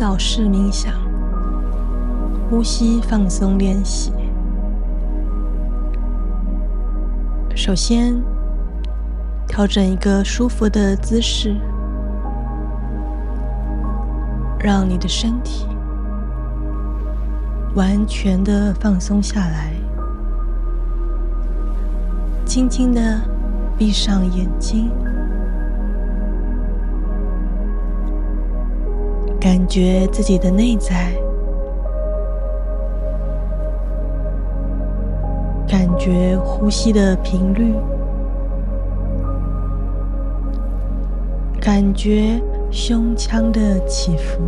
到式冥想、呼吸放鬆練習。首先，調整一個舒服的姿勢，讓你的身體完全的放鬆下來，輕輕的閉上眼睛。感覺自己的內在，感覺呼吸的頻率，感覺胸腔的起伏，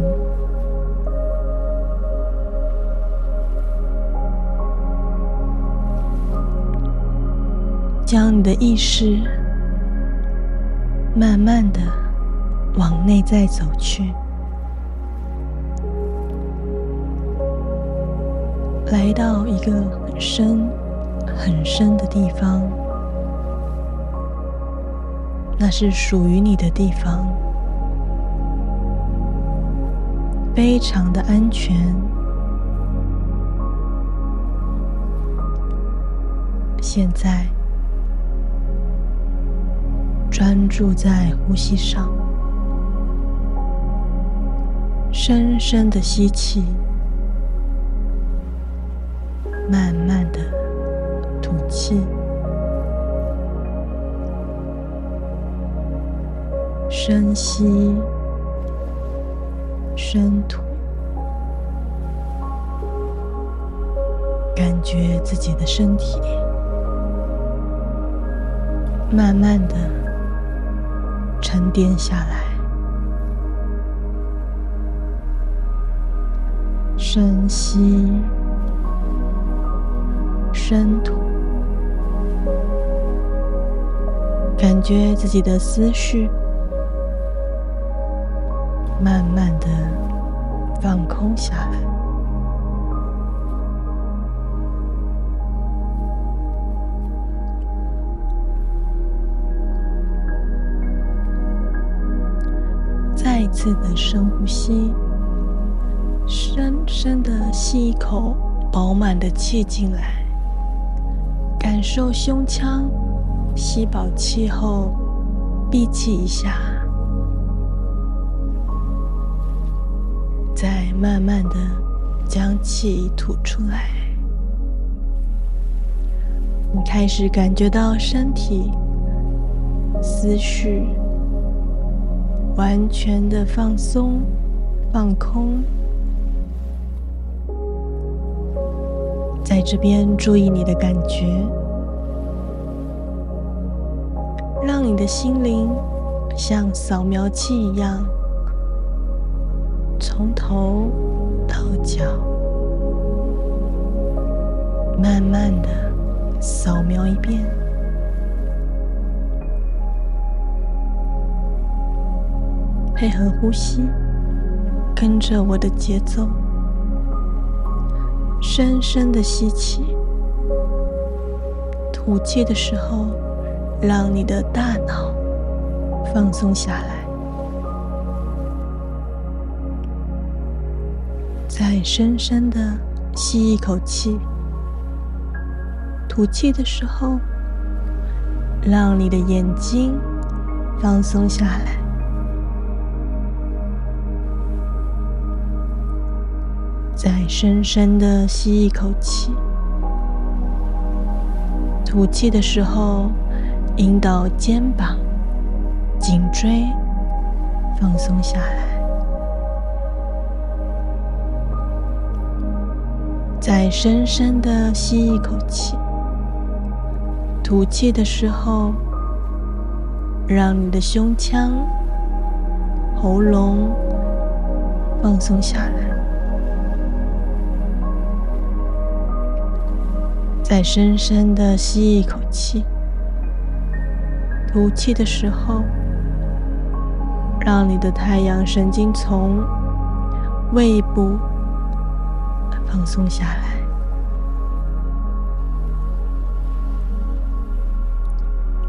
將你的意識慢慢的往內在走去。來到一個很深、很深的地方，那是屬於你的地方，非常的安全。現在專注在呼吸上，深深的吸氣。慢慢的吐氣，深吸，深吐，感覺自己的身體慢慢的沉澱下來，深吸。深吐，感覺自己的思緒慢慢的放空下來，再一次的深呼吸，深深的吸一口飽滿的氣進來。感受胸腔，吸飽氣後，閉氣一下，再慢慢的將氣吐出來。你開始感覺到身體、思緒完全的放鬆、放空，在這邊注意你的感覺。讓你的心靈像掃描器一樣，從頭到腳慢慢的掃描一遍，配合呼吸，跟着我的節奏，深深的吸氣，吐氣的時候。讓你的大腦放鬆下來，再深深的吸一口氣，吐氣的時候，讓你的眼睛放鬆下來，再深深的吸一口氣，吐氣的時候。引導肩膀、頸椎放鬆下來，再深深的吸一口氣。吐氣的時候，讓你的胸腔、喉嚨放鬆下來。再深深的吸一口氣。吐氣的時候，讓你的太陽神經叢胃部放鬆下來。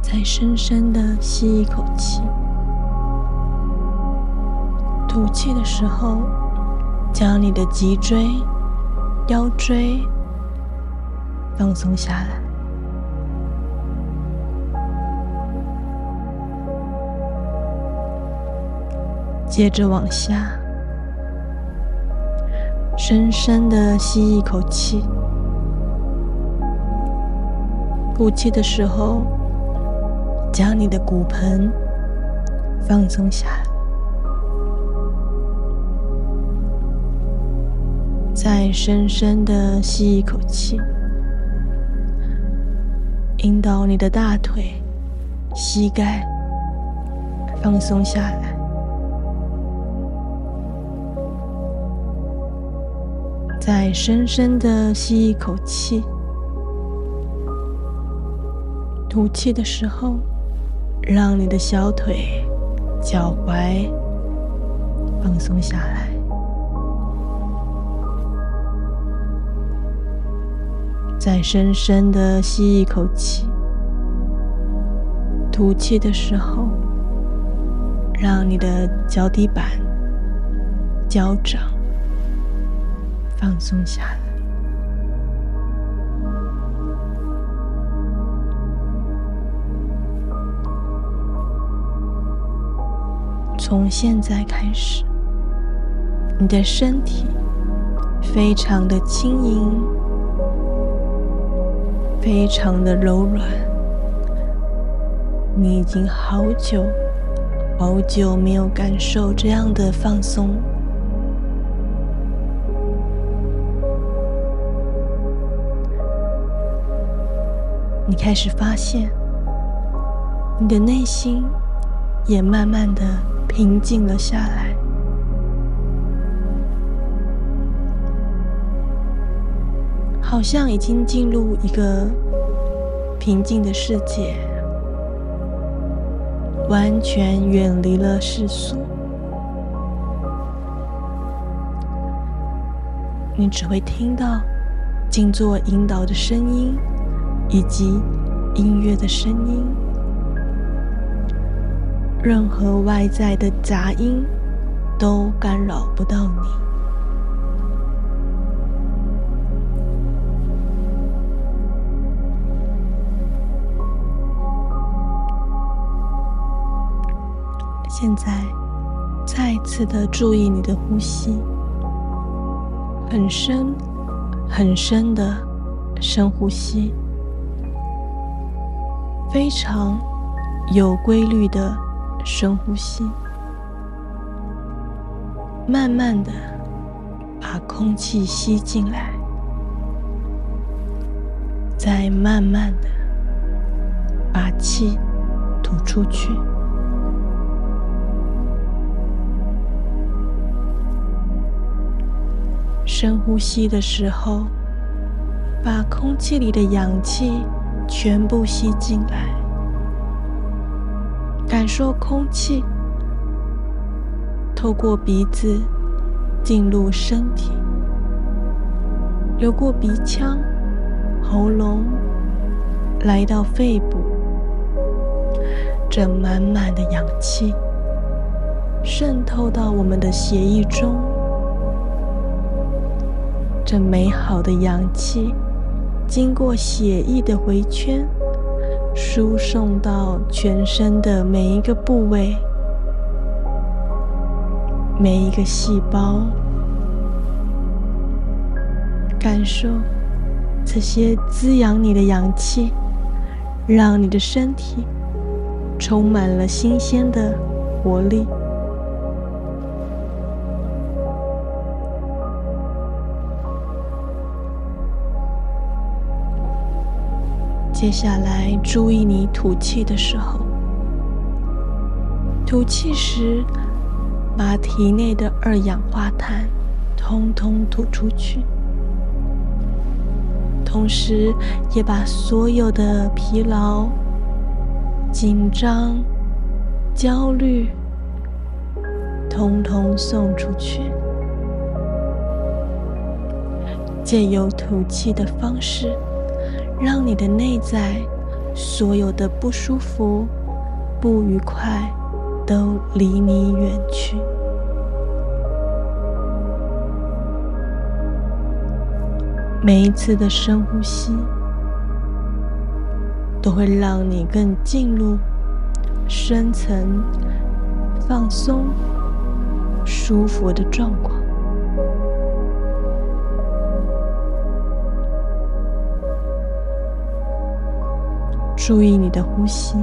再深深的吸一口氣，吐氣的時候，將你的脊椎、腰椎放鬆下來。接着往下，深深的吸一口氣，呼氣的時候，將你的骨盆放鬆下來。再深深的吸一口氣，引導你的大腿、膝蓋放鬆下來。再深深的吸一口氣，吐氣的時候，讓你的小腿、腳踝放鬆下來。再深深的吸一口氣，吐氣的時候，讓你的腳底板、腳掌。放鬆下來。從現在開始，你的身體非常的輕盈，非常的柔軟。你已經好久、好久沒有感受這樣的放鬆。你開始發現，你的內心也慢慢的平靜了下來，好像已經進入一個平靜的世界，完全遠離了世俗。你只會聽到靜坐引導的聲音。以及音樂的聲音，任何外在的雜音都干擾不到你。現在，再次的注意你的呼吸，很深、很深的深呼吸。非常有規律的深呼吸，慢慢的把空氣吸進來，再慢慢的把氣吐出去。深呼吸的時候，把空氣裡的氧氣。全部吸進來，感受空氣透過鼻子進入身體，流過鼻腔、喉嚨，來到肺部。這滿滿的氧氣滲透到我們的血液中，這美好的氧氣。經過血液的回圈，輸送到全身的每一個部位、每一個細胞，感受這些滋養你的氧氣，讓你的身體充滿了新鮮的活力。接下來，注意你吐氣的時候。吐氣時，把體內的二氧化碳通通吐出去，同時也把所有的疲勞、緊張、焦慮通通送出去，借由吐氣的方式。讓你的內在所有的不舒服、不愉快都離你遠去。每一次的深呼吸，都會讓你更進入深層放鬆、舒服的狀況。注意你的呼吸。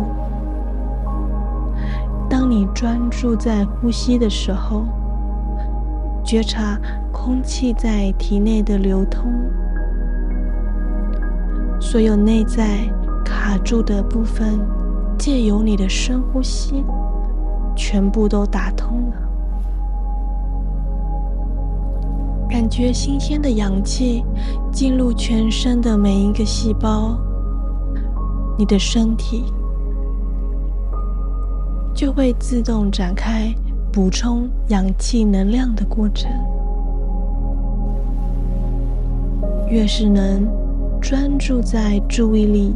當你專注在呼吸的時候，覺察空氣在體內的流通。所有內在卡住的部分，借由你的深呼吸，全部都打通了。感覺新鮮的氧氣進入全身的每一個細胞。你的身體就會自動展開補充氧氣能量的過程。越是能專注在注意力，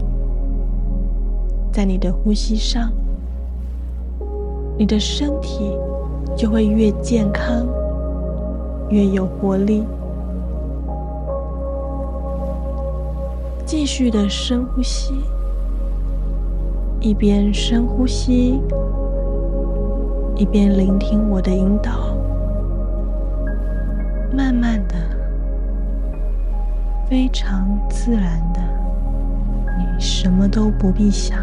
在你的呼吸上，你的身體就會越健康，越有活力。繼續的深呼吸。一邊深呼吸，一邊聆聽我的引導，慢慢的，非常自然的，你什麼都不必想，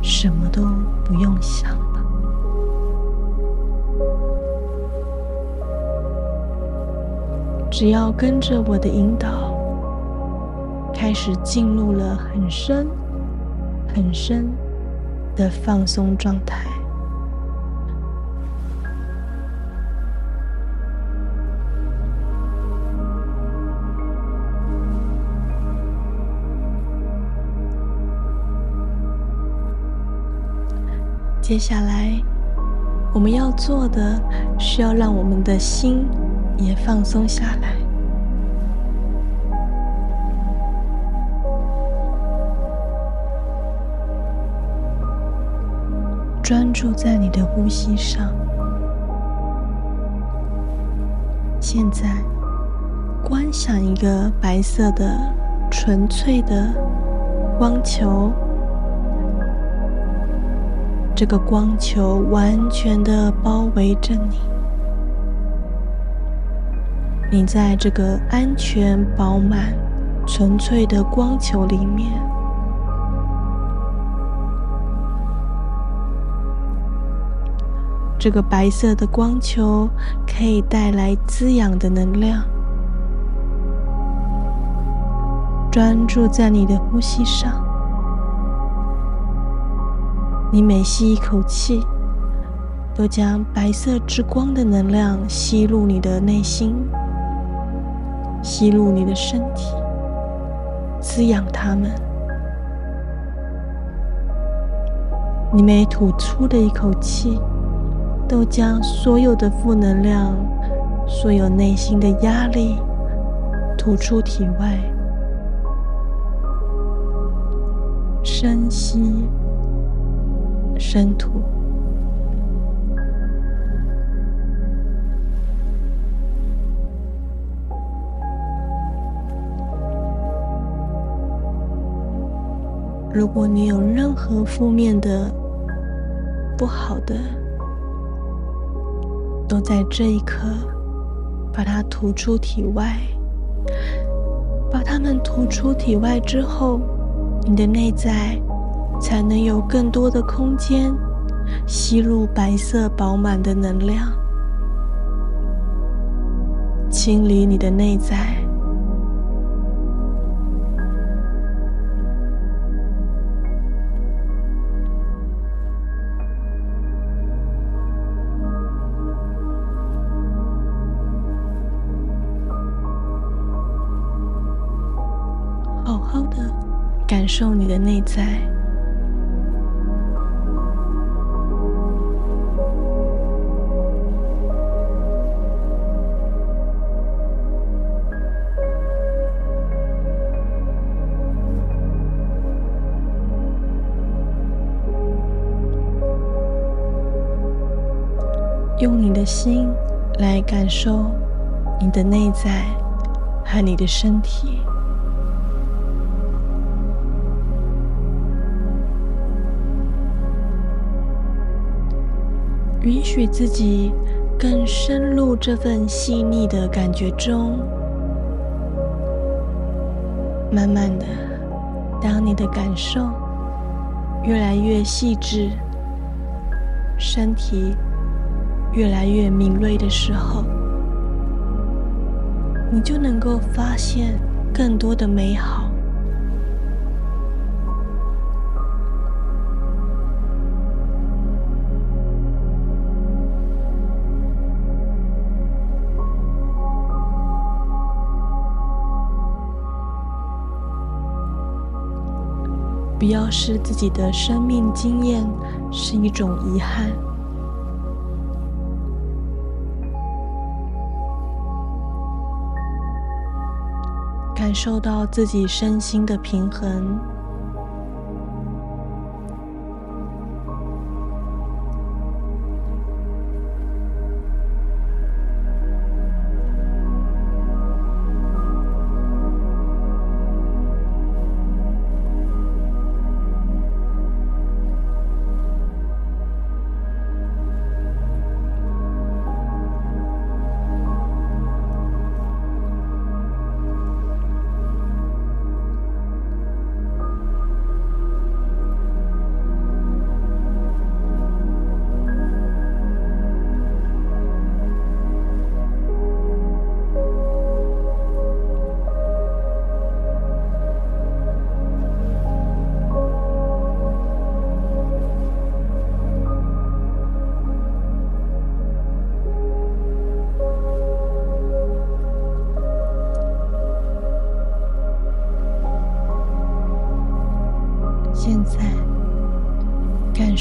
什麼都不用想了，只要跟着我的引導，開始進入了很深。很深的放鬆狀態。接下來，我們要做的，是要讓我們的心也放鬆下來。專注在你的呼吸上。現在，觀想一個白色的、純粹的光球。這個光球完全的包圍着你。你在這個安全、飽滿、純粹的光球裡面。這個白色的光球可以帶來滋養的能量。專注在你的呼吸上，你每吸一口氣，都將白色之光的能量吸入你的內心，吸入你的身體，滋養它們。你每吐出的一口氣。都將所有的負能量、所有內心的壓力吐出體外，深吸，深吐。如果你有任何負面的、不好的，都在這一刻，把它吐出體外。把它們吐出體外之後，你的內在才能有更多的空間吸入白色飽滿的能量，清理你的內在。用你的內在，用你的心來感受你的內在和你的身體。允許自己更深入這份細膩的感覺中，慢慢的，當你的感受越來越細緻，身體越來越敏銳的時候，你就能夠發現更多的美好。不要使自己的生命經驗是一種遺憾，感受到自己身心的平衡。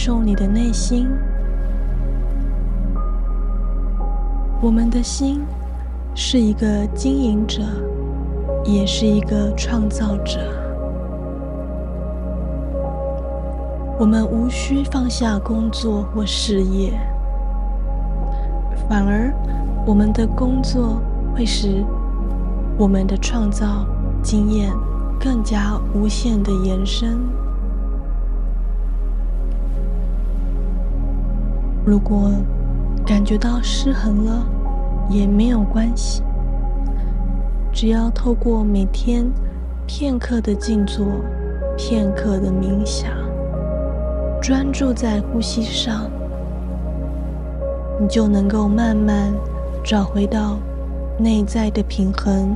受你的內心。我們的心是一個經營者，也是一個創造者。我們無需放下工作或事業，反而我們的工作會使我們的創造經驗更加無限的延伸。如果感覺到失衡了，也沒有關係。只要透過每天片刻的靜坐、片刻的冥想，專注在呼吸上，你就能夠慢慢找回到內在的平衡。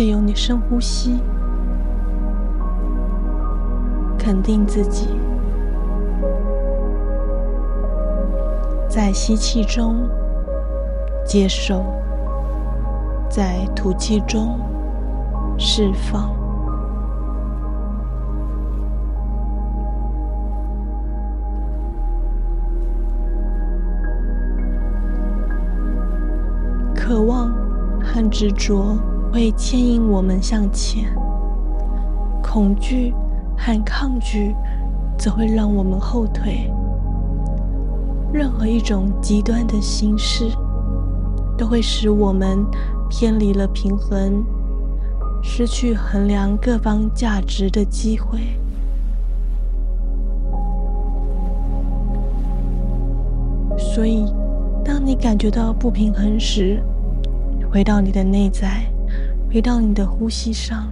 借由你深呼吸，肯定自己，在吸氣中接受，在吐氣中釋放，渴望和執着會牽引我們向前，恐懼和抗拒則會讓我們後退。任何一種極端的形式，都會使我們偏離了平衡，失去衡量各方價值的機會。所以，當你感覺到不平衡時，回到你的內在。回到你的呼吸上，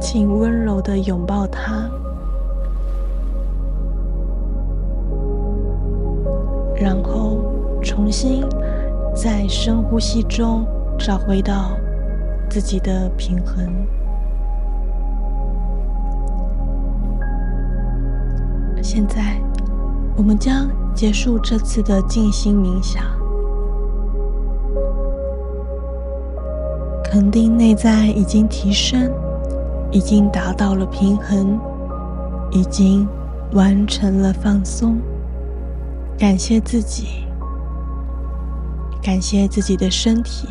請溫柔的擁抱它，然後重新在深呼吸中找回到自己的平衡。現在。我們將結束這次的靜心冥想，肯定內在已經提升，已經達到了平衡，已經完成了放鬆。感謝自己，感謝自己的身體。